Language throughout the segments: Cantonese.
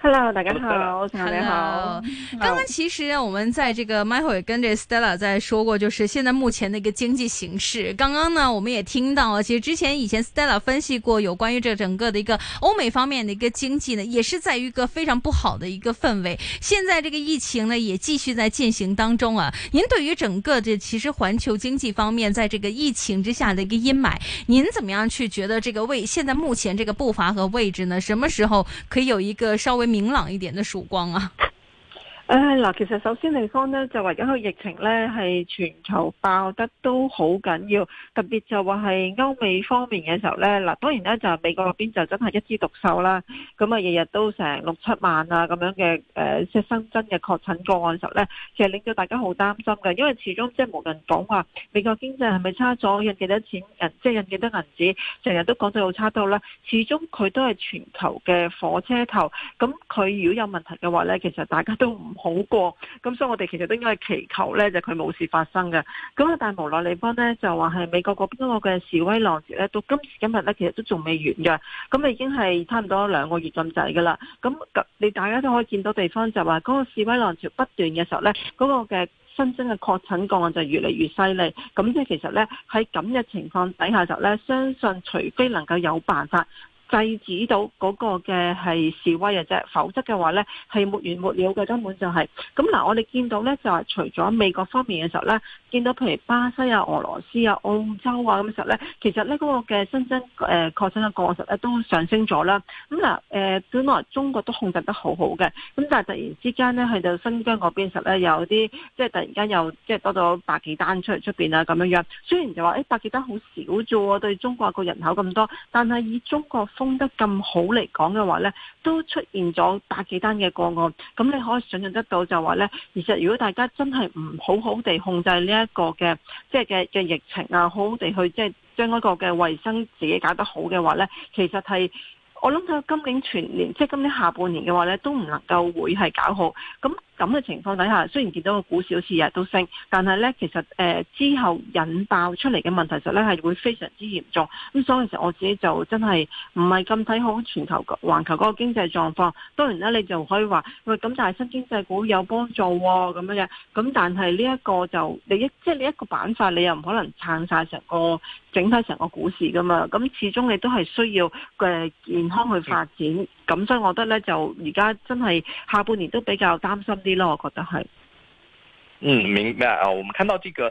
哈嘍，Hello，大家好，大家好。剛剛其實我們在這個 Michael 也跟這 Stella 在說過，就是現在目前的一個經濟形勢。剛剛呢，我們也聽到了，其實之前以前 Stella 分析過有關於這整個的一個歐美方面的一個經濟呢，也是在一個非常不好的一個氛圍。現在這個疫情呢，也繼續在進行當中啊。您對於整個這其實環球經濟方面，在這個疫情之下的一個陰霾，您怎麼樣去覺得這個位？現在目前這個步伐和位置呢？什麼時候可以有一個稍微？明朗一點的曙光啊！誒，嗱、哎，其實首先地方呢，就話而家個疫情呢，係全球爆得都好緊要，特別就話係歐美方面嘅時候呢，嗱，當然呢，就美國嗰邊就真係一枝獨秀啦，咁啊日日都成六七萬啊咁樣嘅誒，即、呃、係新增嘅確診個案時候呢，其實令到大家好擔心嘅，因為始終即係無論講話美國經濟係咪差咗印幾多錢，誒，即係印幾多銀紙，成日都講到好差到啦，始終佢都係全球嘅火車頭，咁、嗯、佢如果有問題嘅話呢，其實大家都唔。好過咁，所以我哋其實都應該祈求呢，就佢冇事發生嘅。咁但係無奈嚟講呢就話係美國嗰邊嗰個嘅示威浪潮呢，到今時今日呢，其實都仲未完嘅。咁、嗯、啊，已經係差唔多兩個月咁滯㗎啦。咁、嗯、你大家都可以見到地方就話、是，嗰、嗰個示威浪潮不斷嘅時候呢，嗰、嗰個嘅新增嘅確診個案就越嚟越犀利。咁、嗯、即係其實呢，喺咁嘅情況底下就呢，相信除非能夠有辦法。制止到嗰個嘅係示威嘅啫，否則嘅話咧係沒完沒了嘅，根本就係咁嗱。我哋見到咧就係除咗美國方面嘅時候咧，見到譬如巴西啊、俄羅斯啊、澳洲啊咁嘅時候咧，其實咧嗰、那個嘅新增誒確診嘅個數咧都上升咗啦。咁嗱誒，本、呃、來中國都控制得好好嘅，咁但係突然之間咧去到新疆嗰邊嘅時候咧有啲即係突然間又即係多咗百幾單出嚟出邊啊咁樣樣。雖然就話誒百幾單好少啫、啊、喎，對中國個人口咁多，但係以中國供得咁好嚟講嘅話呢都出現咗百幾單嘅個案，咁你可以想象得到就話呢，其實如果大家真係唔好好地控制呢一個嘅即係嘅嘅疫情啊，好好地去即係將嗰個嘅衞生自己搞得好嘅話呢其實係。我諗到今年全年，即係今年下半年嘅話咧，都唔能夠會係搞好。咁咁嘅情況底下，雖然見到個股市好似日日都升，但係咧其實誒、呃、之後引爆出嚟嘅問題實呢，實咧係會非常之嚴重。咁、嗯、所以其實我自己就真係唔係咁睇好全球環球嗰個經濟狀況。當然啦，你就可以話喂咁，但係新經濟股有幫助咁、哦、樣。咁但係呢一個就你一即係你一個板塊，你又唔可能撐晒成個。整體成個股市噶嘛，咁始終你都係需要嘅健康去發展，咁、嗯、所以我覺得呢，就而家真係下半年都比較擔心啲咯，我覺得係。嗯，明白啊，我們看到這個。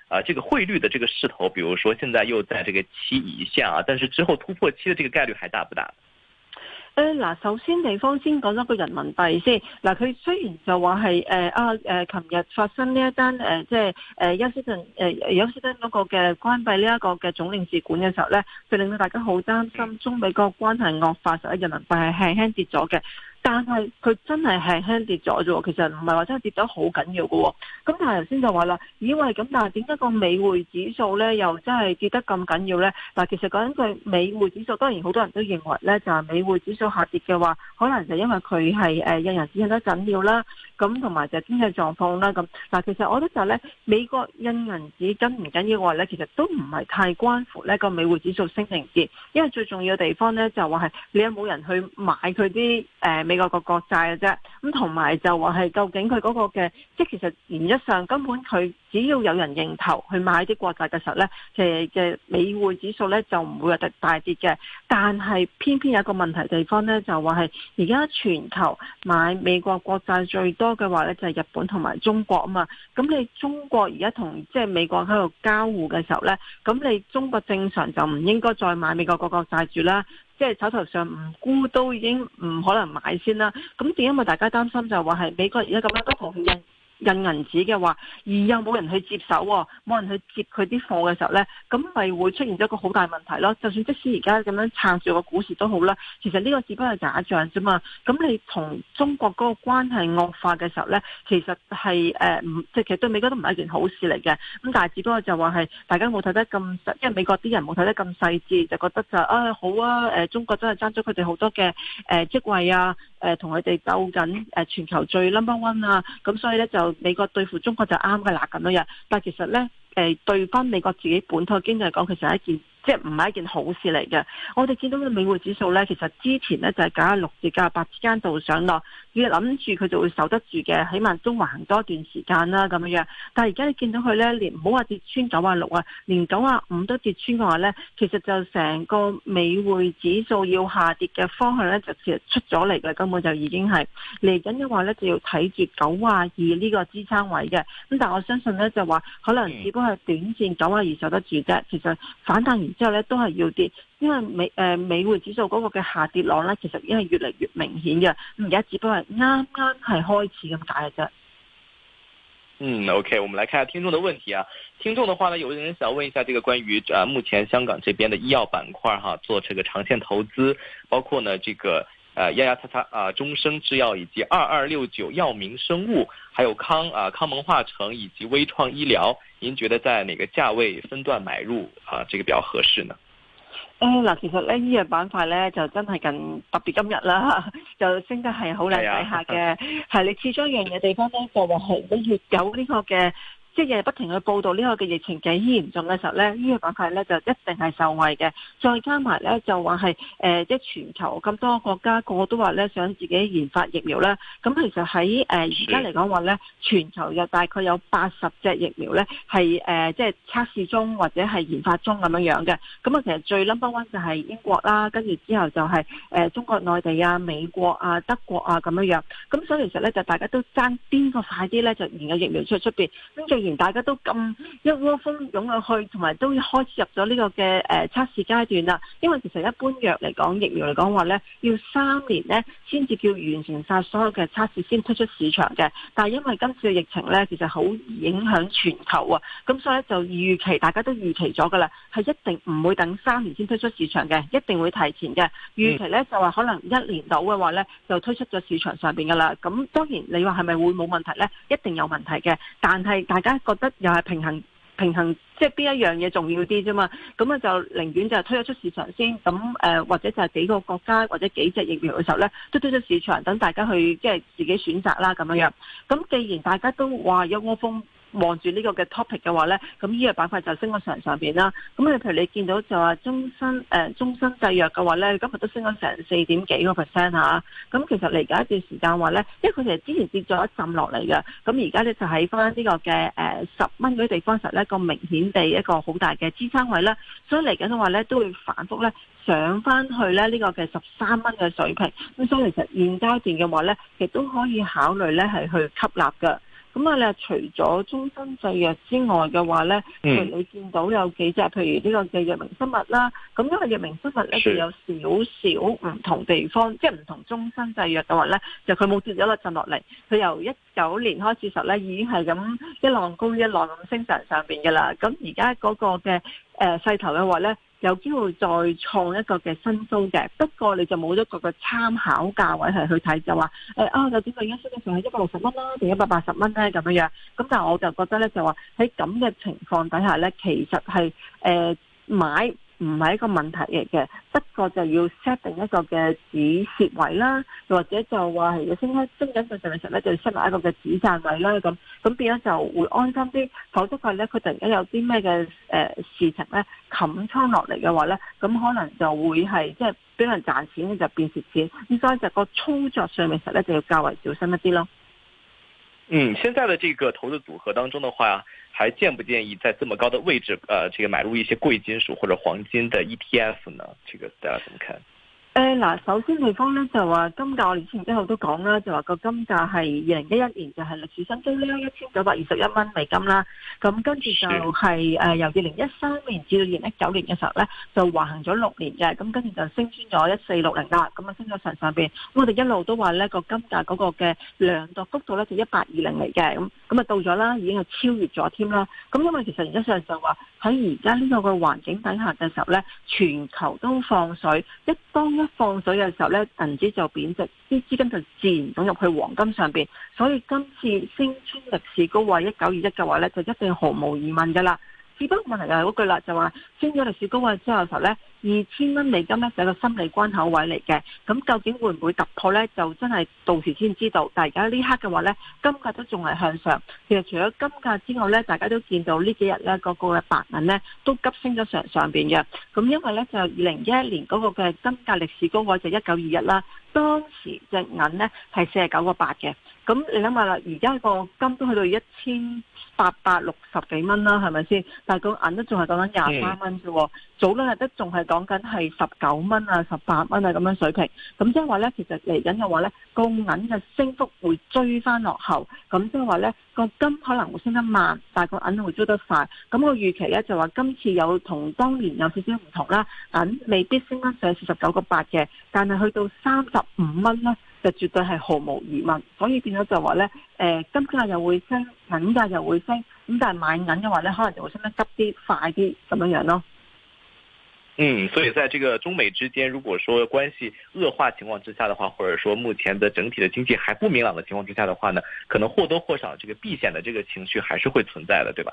啊，這個匯率嘅這個勢頭，比如說現在又在這個七以下，啊，但是之後突破七的這個概率還大不大？誒，嗱，首先地方先講咗個人民幣先，嗱、呃，佢雖然就話係誒啊誒，琴日發生呢一單誒，即係誒，休斯頓誒，休斯頓嗰個嘅關閉呢一個嘅總領事館嘅時候咧，就令到大家好擔心中美個關係惡化，就以 人民幣係輕輕跌咗嘅。但係佢真係輕輕跌咗啫，其實唔係話真係跌得好緊要嘅。咁但係頭先就話啦，咦喂咁，但係點解個美匯指數咧又真係跌得咁緊要咧？嗱，其實講緊佢美匯指數，當然好多人都認為咧，就係、是、美匯指數下跌嘅話，可能就因為佢係誒印銀紙印得緊要啦，咁同埋就係經濟狀況啦咁。嗱、啊，其實我覺得就咧，美國印銀紙緊唔緊要嘅話咧，其實都唔係太關乎呢個美匯指數升定跌，因為最重要嘅地方咧就話、是、係你有冇人去買佢啲誒。呃美國個國債嘅啫，咁同埋就話係究竟佢嗰個嘅，即係其實原則上根本佢只要有人認投去買啲國債嘅時候呢，其實美匯指數呢就唔會話特大跌嘅。但係偏偏有一個問題地方呢，就話係而家全球買美國國債最多嘅話呢，就係、是、日本同埋中國啊嘛。咁你中國而家同即係美國喺度交互嘅時候呢，咁你中國正常就唔應該再買美國國債住啦。即係手頭上唔沽都已經唔可能買先啦。咁點解咪大家擔心就係話係美國而家咁樣都好。印銀紙嘅話，而又冇人去接手喎、哦，冇人去接佢啲貨嘅時候呢，咁咪會出現咗一個好大問題咯。就算即使而家咁樣撐住個股市都好啦，其實呢個只不過係假象啫嘛。咁你同中國嗰個關係惡化嘅時候呢，其實係誒，即、呃、係其實對美國都唔係一件好事嚟嘅。咁但係只不過就話係大家冇睇得咁細，即係美國啲人冇睇得咁細緻，就覺得就啊、哎、好啊誒、呃，中國真係爭咗佢哋好多嘅誒、呃、職位啊，誒同佢哋鬥緊誒、呃、全球最 number one 啊，咁、嗯、所以呢，就。美國對付中國就啱噶啦，咁樣樣。但係其實咧，誒、呃，對翻，美國自己本土經濟嚟講，其實係一件。即係唔係一件好事嚟嘅。我哋見到個美匯指數呢，其實之前呢就係九啊六至九啊八之間度上落，要諗住佢就會守得住嘅，起碼都橫多段時間啦咁樣樣。但係而家你見到佢呢，連唔好話跌穿九啊六啊，連九啊五都跌穿嘅話呢，其實就成個美匯指數要下跌嘅方向呢，就其實出咗嚟嘅，根本就已經係嚟緊嘅話呢，就要睇住九啊二呢個支撐位嘅。咁但我相信呢，就話可能只不過係短線九啊二守得住啫。其實反彈而之後咧都係要跌，因為美誒美匯指數嗰個嘅下跌浪咧，其實因為越嚟越明顯嘅，而家只不過係啱啱係開始咁展開。嗯，OK，我們來看下聽眾的問題啊。聽眾的話呢，有個人想問一下，這個關於啊目前香港這邊的醫藥板塊哈、啊，做這個長線投資，包括呢這個。誒，一一七七，啊，中生製藥以及二二六九藥明生物，還有康啊康盟化成以及微創醫療，您覺得在哪個價位分段買入啊？這個比較合適呢？誒，嗱，其實呢醫藥板塊呢，就真係近特別今日啦，就升得係好靚仔下嘅，係 你始終一樣嘢地方呢，就話係你越有呢個嘅。即係日日不停去報導呢個嘅疫情幾嚴重嘅時候咧，這個、呢個板塊咧就一定係受惠嘅。再加埋咧就話係誒，即係全球咁多國家個個都話咧想自己研發疫苗咧。咁、嗯、其實喺誒而家嚟講話咧，全球有大概有八十隻疫苗咧係誒，即係測試中或者係研發中咁樣樣嘅。咁、嗯、啊，其實最 number one 就係英國啦，跟住之後就係、是、誒、呃、中國內地啊、美國啊、德國啊咁樣樣。咁、嗯、所以其實咧就大家都爭邊個快啲咧，就研究疫苗出出邊，跟大家都咁一窩蜂湧入去，同埋都開始入咗呢個嘅誒測試階段啦。因為其實一般藥嚟講，疫苗嚟講話呢，要三年呢先至叫完成晒所有嘅測試，先推出市場嘅。但係因為今次嘅疫情呢，其實好影響全球啊，咁所以就預期大家都預期咗噶啦，係一定唔會等三年先推出市場嘅，一定會提前嘅。預期呢，嗯，就話可能一年到嘅話呢，就推出咗市場上邊噶啦。咁當然你話係咪會冇問題呢？一定有問題嘅，但係大家。覺得又係平衡平衡，即係邊一樣嘢重要啲啫嘛？咁啊就寧願就推咗出市場先。咁誒、呃，或者就係幾個國家或者幾隻疫苗嘅時候呢，都推出市場，等大家去即係自己選擇啦咁樣樣。咁 Yeah. 既然大家都話有窩蜂。望住呢個嘅 topic 嘅話呢，咁呢個板塊就升咗成上邊啦。咁你譬如你見到就、呃、話終身誒終身製藥嘅話呢，咁佢都升咗成四點幾個 percent 嚇。咁、啊、其實嚟緊一段時間話呢，因為佢哋之前跌咗一浸落嚟嘅，咁而家呢，就喺翻呢個嘅誒十蚊嗰地方實呢一個明顯地一個好大嘅支撐位呢，所以嚟緊嘅話呢，都會反覆呢上翻去呢呢、呢個嘅十三蚊嘅水平。咁、啊、所以其實現階段嘅話呢，亦都可以考慮呢係去吸納嘅。咁啊，你、嗯、除咗中生製藥之外嘅話咧，佢會見到有幾隻，譬如呢個嘅藥明生物啦。咁因為藥明生物咧，就是有少少唔同地方，即係唔同中生製藥嘅話咧，就佢冇跌咗落震落嚟，佢由一九年開始時候咧，已經係咁一浪高一浪咁升上上邊嘅啦。咁而家嗰個嘅誒勢頭嘅話咧。有機會再創一個嘅新高嘅，不過你就冇一個嘅參考價位係去睇，就話誒、哎、啊，究竟佢而家實際上係一百六十蚊啦，定一百八十蚊咧咁樣樣，咁但係我就覺得咧，就話喺咁嘅情況底下咧，其實係誒、呃、買唔係一個問題嚟嘅，不過就要 set 定一個嘅止蝕位啦，或者就話係要升開升緊上上嘅時候咧，就要 set 埋一個嘅止賺位啦。咁咁變咗就會安心啲，否則佢咧，佢突然間有啲咩嘅誒事情咧，冚倉落嚟嘅話咧，咁可能就會係即係俾人賺錢咧就變蝕錢，咁所以就個操作上面實咧就要較為小心一啲咯。嗯，現在的這個投資組合當中的話，啊，還建不建議在這麼高的位置，呃，這個買入一些貴金屬或者黃金的 ETF 呢？這個大家怎麼看？誒，嗱、呃，首先地方咧就話金價，我之前之後都講啦，就話個金價係二零一一年就係歷史新高，就是呃、呢，一千九百二十一蚊美金啦。咁跟住就係誒，由二零一三年至到二零一九年嘅時候咧，就橫行咗六年嘅，咁跟住就升穿咗一四六零啦，咁啊升咗上上邊。我哋一路都話咧個金價嗰個嘅量度幅度咧就一八二零嚟嘅咁。咁啊到咗啦，已經係超越咗添啦。咁因為其實原則上就話喺而家呢個個環境底下嘅時候呢，全球都放水，一當一放水嘅時候呢，銀紙就貶值，啲資金就自然湧入去黃金上面，所以今次升穿歷史高位一九二一嘅話呢，就一定毫無疑問㗎喇。只不過問題就係嗰句啦，就話升咗歷史高位之後嘅時候咧，二千蚊美金咧就係個心理關口位嚟嘅。咁究竟會唔會突破咧？就真係到時先知道。而家呢刻嘅話咧，金價都仲係向上。其實除咗金價之外咧，大家都見到呢幾日咧嗰個嘅白銀咧都急升咗上上邊嘅。咁因為咧就二零一一年嗰個嘅金價歷史高位就一九二一啦，當時只銀咧係四十九個八嘅。咁你諗下啦，而家個金都去到一千八百六十幾蚊啦，係咪先？但係個銀都仲係講緊廿三蚊啫，的早兩日都仲係講緊係十九蚊啊、十八蚊啊咁樣水平。咁即係話咧，其實嚟緊嘅話咧，個銀嘅升幅會追翻落後。咁即係話咧，個金可能會升得慢，但係個銀會追得快。咁我預期咧就話今次有同當年有少少唔同啦，銀未必升得上四十九個八嘅，但係去到三十五蚊啦。就絕對係毫無疑問，所以變咗就話咧，誒、呃，金價又會升，銀價又會升，咁但係買銀嘅話咧，可能就會升得急啲、快啲咁樣樣咯。嗯，所以在這個中美之間，如果說關係惡化情況之下的話，或者說目前的整體的經濟還不明朗的情況之下的話呢，可能或多或少，這個避險的這個情緒還是會存在嘅，對吧？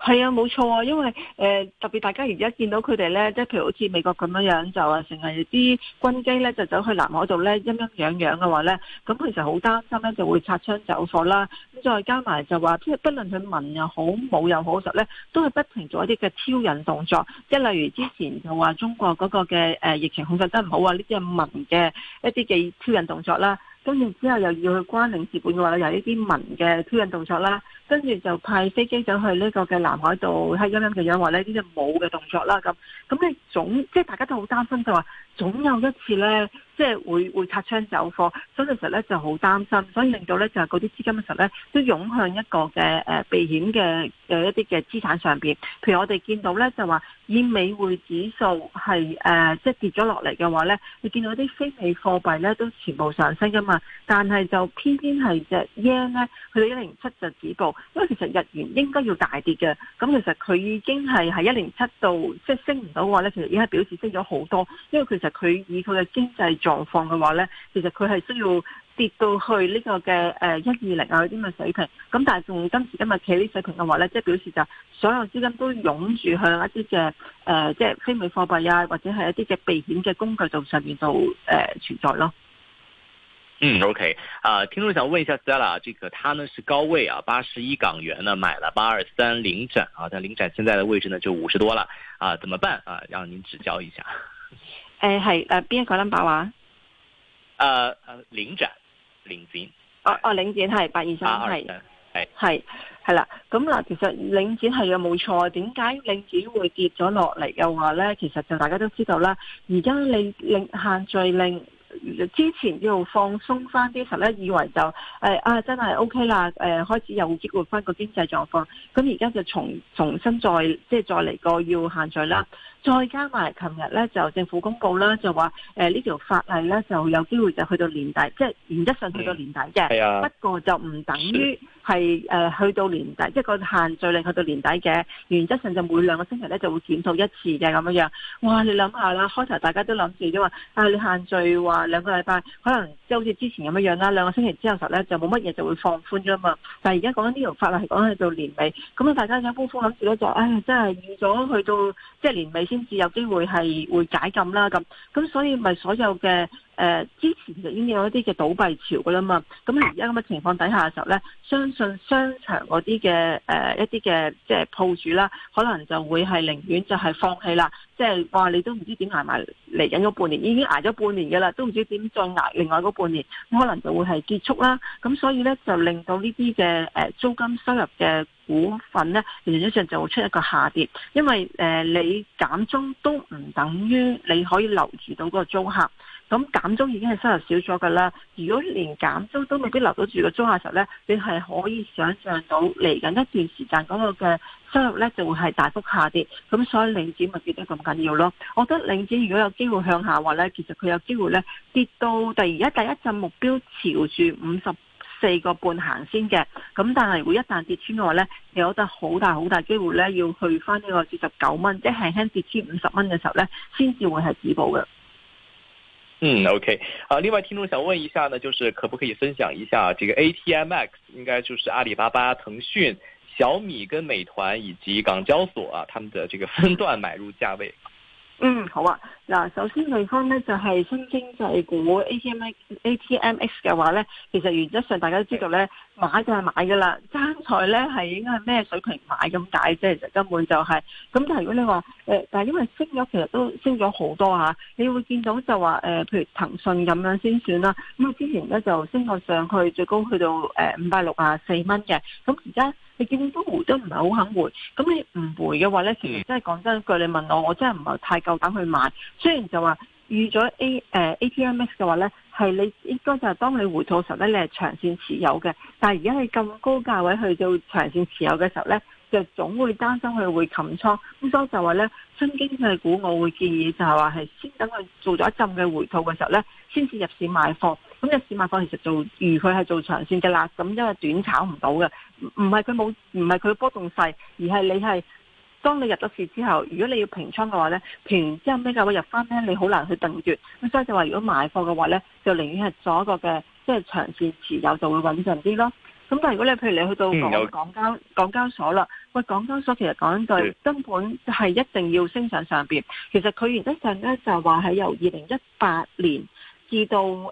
係啊，冇錯啊，因為誒、呃、特別大家而家見到佢哋咧，即係譬如好似美國咁樣樣，就話成日啲軍機咧就走去南海度咧，陰陰癢癢嘅話咧，咁其實好擔心咧就會擦槍走火啦。咁再加埋就話，即係不論佢文又好，武又好，其實咧都會不停做一啲嘅挑釁動作。即係例如之前就話中國嗰個嘅誒疫情控制得唔好啊，呢啲係文嘅一啲嘅挑釁動作啦。跟住之後又要去關領事館嘅話，又係呢啲文嘅挑釁動作啦。跟住就派飛機走去呢個嘅南海度，係咁樣嘅樣，話咧呢啲冇嘅動作啦，咁咁咧總即係大家都好擔心，就話總有一次呢，即係會會擦槍走火，所以其實呢就好擔心，所以令到呢就係嗰啲資金嘅時候呢，都湧向一個嘅誒避險嘅嘅一啲嘅資產上邊。譬如我哋見到呢，就話，以美匯指數係誒即係跌咗落嚟嘅話呢，你見到啲非美貨幣呢都全部上升噶嘛，但係就偏偏係隻日圓呢，去到一零七就止步。因為其實日元應該要大跌嘅，咁其實佢已經係喺一零七度，即係升唔到嘅話咧，其實已經係表示升咗好多。因為其實佢以佢嘅經濟狀況嘅話咧，其實佢係需要跌到去呢、這個嘅誒一二零啊啲咁嘅水平。咁但係仲今時今日企呢水平嘅話咧，即係表示就所有資金都湧住向一啲嘅誒，即係非美貨幣啊，或者係一啲嘅避險嘅工具度上面做誒、呃、存在咯。嗯，OK，啊，聽眾想問一下 Stella，這個他呢是高位啊，八十一港元呢買了八二三領展啊，但領展現在的位置呢就五十多了啊，怎麼辦啊？讓您指教一下。誒，係誒，邊一個 number 話？啊啊，領展，領展。哦哦，領展係八二三係，係係係啦。咁嗱，其實領展係有冇錯？點解領展會跌咗落嚟？嘅話咧，其實就大家都知道啦，而家你令限聚令。之前要放鬆翻啲，十一以為就誒、哎、啊，真係 O K 啦，誒、呃、開始有機會翻個經濟狀況。咁而家就重重新再即係再嚟個要限聚啦，再加埋琴日咧就政府公告啦，就話，誒呢條法例咧就有機會就去到年底，即、就、係、是、原則上去到年底嘅。係啊、嗯，不過就唔等於。係誒、呃，去到年底即係個限聚令去到年底嘅，原則上就每兩個星期咧就會檢討一次嘅咁樣樣。哇，你諗下啦，開頭大家都諗住啫嘛，啊，你限聚話兩個禮拜，可能即係好似之前咁樣樣啦，兩個星期之後時候咧就冇乜嘢就會放寬咗嘛。但係而家講緊呢條法例係講喺到年尾，咁、嗯、啊大家一呼呼諗住咧就，唉、哎，真係預咗去到即係年尾先至有機會係會解禁啦咁。咁所以咪所有嘅。誒、呃、之前就已經有一啲嘅倒閉潮嘅啦嘛，咁而家咁嘅情況底下嘅時候咧，相信商場嗰啲嘅誒一啲嘅即係鋪主啦，可能就會係寧願就係放棄啦，即係話你都唔知點捱埋嚟，緊嗰半年已經捱咗半年嘅啦，都唔知點再捱另外嗰半年，咁可能就會係結束啦。咁所以咧就令到呢啲嘅誒租金收入嘅股份咧，原實一上就會出一個下跌，因為誒、呃、你減租都唔等於你可以留住到嗰個租客。咁減租已經係收入少咗㗎啦，如果連減租都未必留到住個租下時候咧，你係可以想象到嚟緊一段時間嗰個嘅收入咧就會係大幅下跌，咁所以領展咪跌得咁緊要咯？我覺得領展如果有機會向下話咧，其實佢有機會咧跌到第而家第一陣目標朝住五十四個半行先嘅，咁但係會一旦跌穿嘅話咧，你覺得好大好大機會咧要去翻呢個四十九蚊，即係輕跌穿五十蚊嘅時候咧，先至會係止步嘅。嗯，OK，啊，另外聽眾想問一下呢，就是可不可以分享一下、啊、這個 ATMX 應該就是阿里巴巴、騰訊、小米跟美團以及港交所啊，他們的這個分段買入價位。嗯，好啊，嗱，首先嚟返呢，就係、是、新經濟股 ATM ATMX 嘅話呢，其實原則上大家都知道呢。嗯買就係買㗎啦，爭在咧係應該係咩水平買咁解啫。其實根本就係、是，咁但係如果你話誒、呃，但係因為升咗，其實都升咗好多嚇、啊。你會見到就話誒、呃，譬如騰訊咁樣先算啦。咁啊之前咧就升咗上去，最高去到誒五百六十四蚊嘅。咁而家你見到回都唔係好肯回，咁你唔回嘅話咧，其實真係講真句，你問我，我真係唔係太夠膽去買。雖然就話。預咗 A 誒 ATMX 嘅話咧，係你應該就係當你回吐時候咧，你係長線持有嘅。但係而家係咁高價位去到長線持有嘅時候咧，就總會擔心佢會擒倉。咁所以就話咧，新經濟股我會建議就係話係先等佢做咗一陣嘅回吐嘅時候咧，先至入市買貨。咁入市買貨其實做如佢係做長線嘅啦，咁因為短炒唔到嘅，唔唔係佢冇，唔係佢波動細，而係你係。當你入咗市之後，如果你要平倉嘅話呢，平完之後咩價位入翻呢？你好難去定奪。咁所以就話，如果買貨嘅話呢，就寧願係左一個嘅即係長線持有，就會穩陣啲咯。咁但係如果你譬如你去到講港交、嗯、港，港交所啦，喂，港交所其實講句根本就係一定要升上上邊。其實佢原則上呢，就話係由二零一八年。至到誒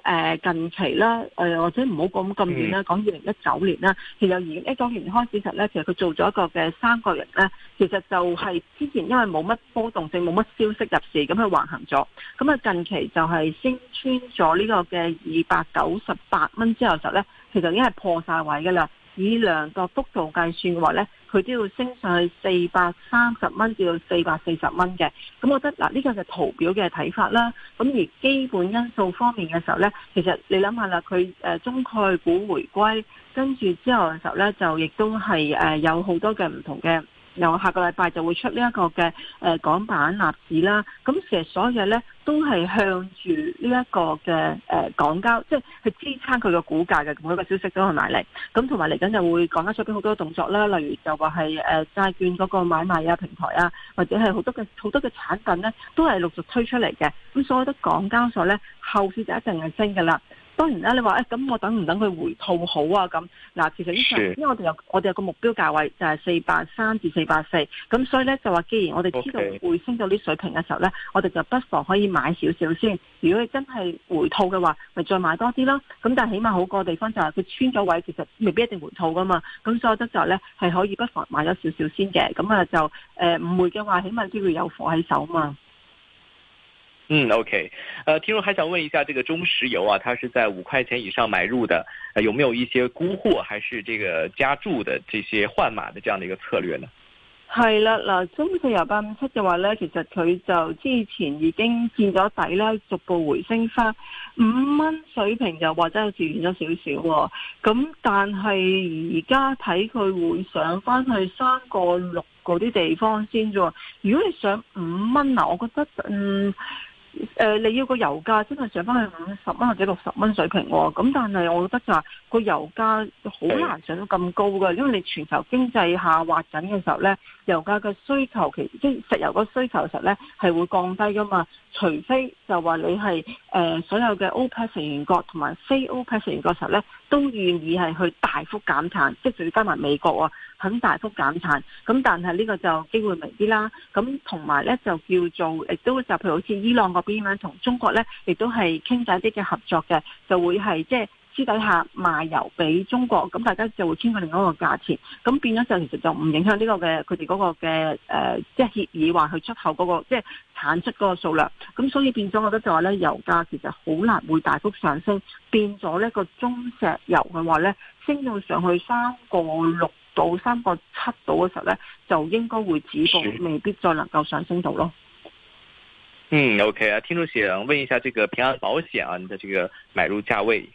近期啦，誒、呃、或者唔好講咁遠啦，講二零一九年啦，其實二零一九年開始時咧，其實佢做咗一個嘅三個月咧，其實就係之前因為冇乜波動性，冇乜消息入市，咁佢橫行咗，咁啊近期就係升穿咗呢個嘅二百九十八蚊之後就呢，就咧其實已經係破晒位噶啦。以量作幅度計算嘅話咧，佢都要升上去四百三十蚊至到四百四十蚊嘅。咁我覺得嗱，呢個就係圖表嘅睇法啦。咁而基本因素方面嘅時候咧，其實你諗下啦，佢誒中概股回歸，跟住之後嘅時候咧，就亦都係誒有好多嘅唔同嘅。又下個禮拜就會出呢一個嘅誒港版納指啦，咁其實所有嘢咧都係向住呢一個嘅誒港交，即係去支撐佢個股價嘅每一個消息都係嚟，咁同埋嚟緊就會港交出啲好多動作啦，例如就話係誒債券嗰個買賣啊平台啊，或者係好多嘅好多嘅產品咧，都係陸續推出嚟嘅，咁所有得港交所咧後市就一定係升㗎啦。當然啦，你話誒咁我等唔等佢回吐好啊？咁嗱，其實呢層是因為我哋有我哋有個目標價位就係四百三至四百四，咁所以咧就話既然我哋知道回升到呢水平嘅時候咧，Okay. 我哋就不妨可以買少少先。如果你真係回吐嘅話，咪再買多啲咯。咁但係起碼好過地方就係佢穿咗位，其實未必一定回吐噶嘛。咁所以我覺得就係咧，係可以不妨買咗少少先嘅。咁啊就誒唔、呃、會嘅話，起碼叫做有貨喺手嘛。嗯，OK，誒、呃，聽眾還想問一下，這個中石油啊，它是在五塊錢以上買入的，啊、有沒有一些沽貨，還是這個加注的這些換馬的這樣的一個策略呢？係喇。嗱、嗯，中石油八五七嘅話呢，其實佢就之前已經見咗底啦，逐步回升翻五蚊水平就、哦，又或者有時遠咗少少，咁但係而家睇佢會上翻去三個六嗰啲地方先啫。如果你上五蚊嗱，我覺得嗯。誒、呃，你要個油價真係上翻去五十蚊或者六十蚊水平喎，咁、哦、但係我覺得就係個油價好難上到咁高嘅，因為你全球經濟下滑緊嘅時候咧。油價嘅需求，其即石油嘅需求實咧係會降低噶嘛？除非就話你係誒、呃、所有嘅 OPEC 成員國同埋非 OPEC 成員國實咧都願意係去大幅減產，即係仲要加埋美國喎、哦，肯大幅減產。咁但係呢個就機會微啲啦。咁同埋咧就叫做亦都就譬如好似伊朗嗰邊咧，同中國咧亦都係傾偈啲嘅合作嘅，就會係即係。私底下賣油俾中國，咁大家就會簽個另外一個價錢，咁變咗就其實就唔影響呢個嘅佢哋嗰個嘅誒、呃，即係協議話佢出口嗰、那個即係產出嗰個數量，咁所以變咗我覺得就話咧，油價其實好難會大幅上升，變咗呢個中石油嘅話咧升到上去三個六到三個七度嘅時候咧，就應該會止步，未必再能夠上升到咯。嗯，OK 啊，聽眾先生問一下，這個平安保險啊，你的這個買入價位？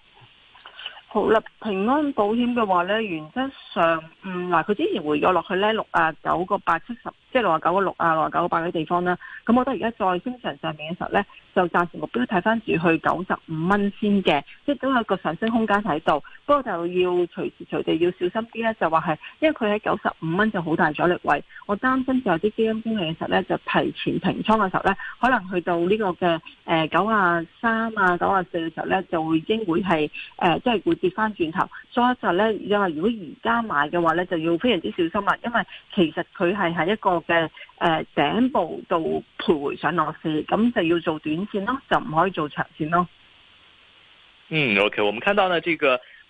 好啦，平安保險嘅話咧，原則上，嗯，嗱，佢之前回咗落去咧，六啊九個八七十。即係六啊九個六啊六啊九個八嗰啲地方啦，咁我覺得而家再升上上面嘅時候咧，就暫時目標睇翻住去九十五蚊先嘅，即係都有個上升空間喺度。不過就要隨時隨地要小心啲咧，就話係因為佢喺九十五蚊就好大阻力位，我擔心就係啲基金經理嘅時候咧，就提前平倉嘅時候咧，可能去到呢個嘅誒九啊三啊九啊四嘅時候咧，就已經會係誒即係會跌翻轉頭。所以就咧，因為如果而家買嘅話咧，就要非常之小心啦，因為其實佢係喺一個嘅誒頂部到徘徊上落市，咁就要做短線咯，就唔可以做長線咯。嗯，OK，我們看到呢，這個。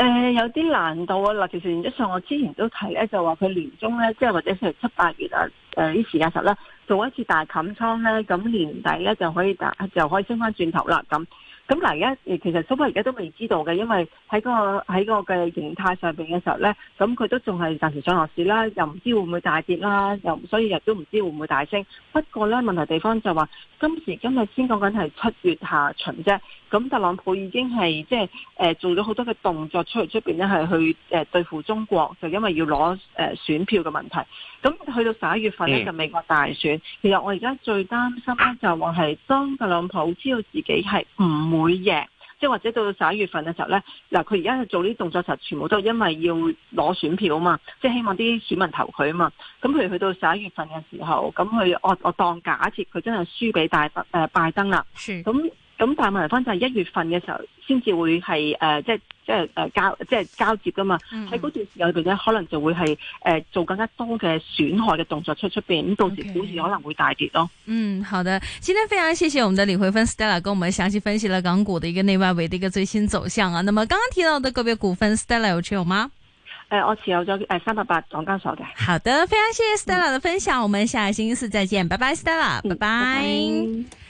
誒、呃，有啲難度啊！嗱，其實原則上我之前都提咧，就話佢年中咧，即係或者係七八月啊，誒、呃、啲、啊、時間頭咧，做一次大冚倉咧，咁、嗯、年底咧就可以打，就可以升翻轉頭啦，咁、嗯。咁嗱，而家，誒其實蘇波而家都未知道嘅，因為喺個喺個嘅形態上邊嘅時候咧，咁佢都仲係暫時上落市啦，又唔知會唔會大跌啦，又所以亦都唔知會唔會大升。不過咧，問題地方就話今時今日先講緊係七月下旬啫。咁特朗普已經係即係誒做咗好多嘅動作出嚟出邊咧，係去誒、呃、對付中國，就因為要攞誒、呃、選票嘅問題。咁去到十一月份咧就、嗯、美國大選。其實我而家最擔心咧就話係當特朗普知道自己係唔會贏，即係或者到十一月份嘅時候呢，嗱，佢而家做呢啲動作就全部都係因為要攞選票啊嘛，即係希望啲選民投佢啊嘛，咁譬如去到十一月份嘅時候，咁佢我我當假設佢真係輸俾大誒、呃、拜登啦，咁。咁但係問題翻就係一月份嘅時候，先至會係誒，即係即係誒交即係交接噶嘛。喺嗰段時間裏邊咧，可能就會係誒做更加多嘅損害嘅動作出出邊。咁到時股市可能會大跌咯。嗯，好的。今天非常謝謝我們的李慧芬 Stella，跟我們詳細分析了港股的一個內外圍的一個最新走向啊。那麼剛剛提到的個別股份，Stella 有持有嗎？誒、呃，我持有咗誒、呃、三百八港交所嘅。好的，非常謝謝 Stella 的分享。我們下星期四再見，拜拜，Stella，拜拜。嗯，拜拜。拜拜。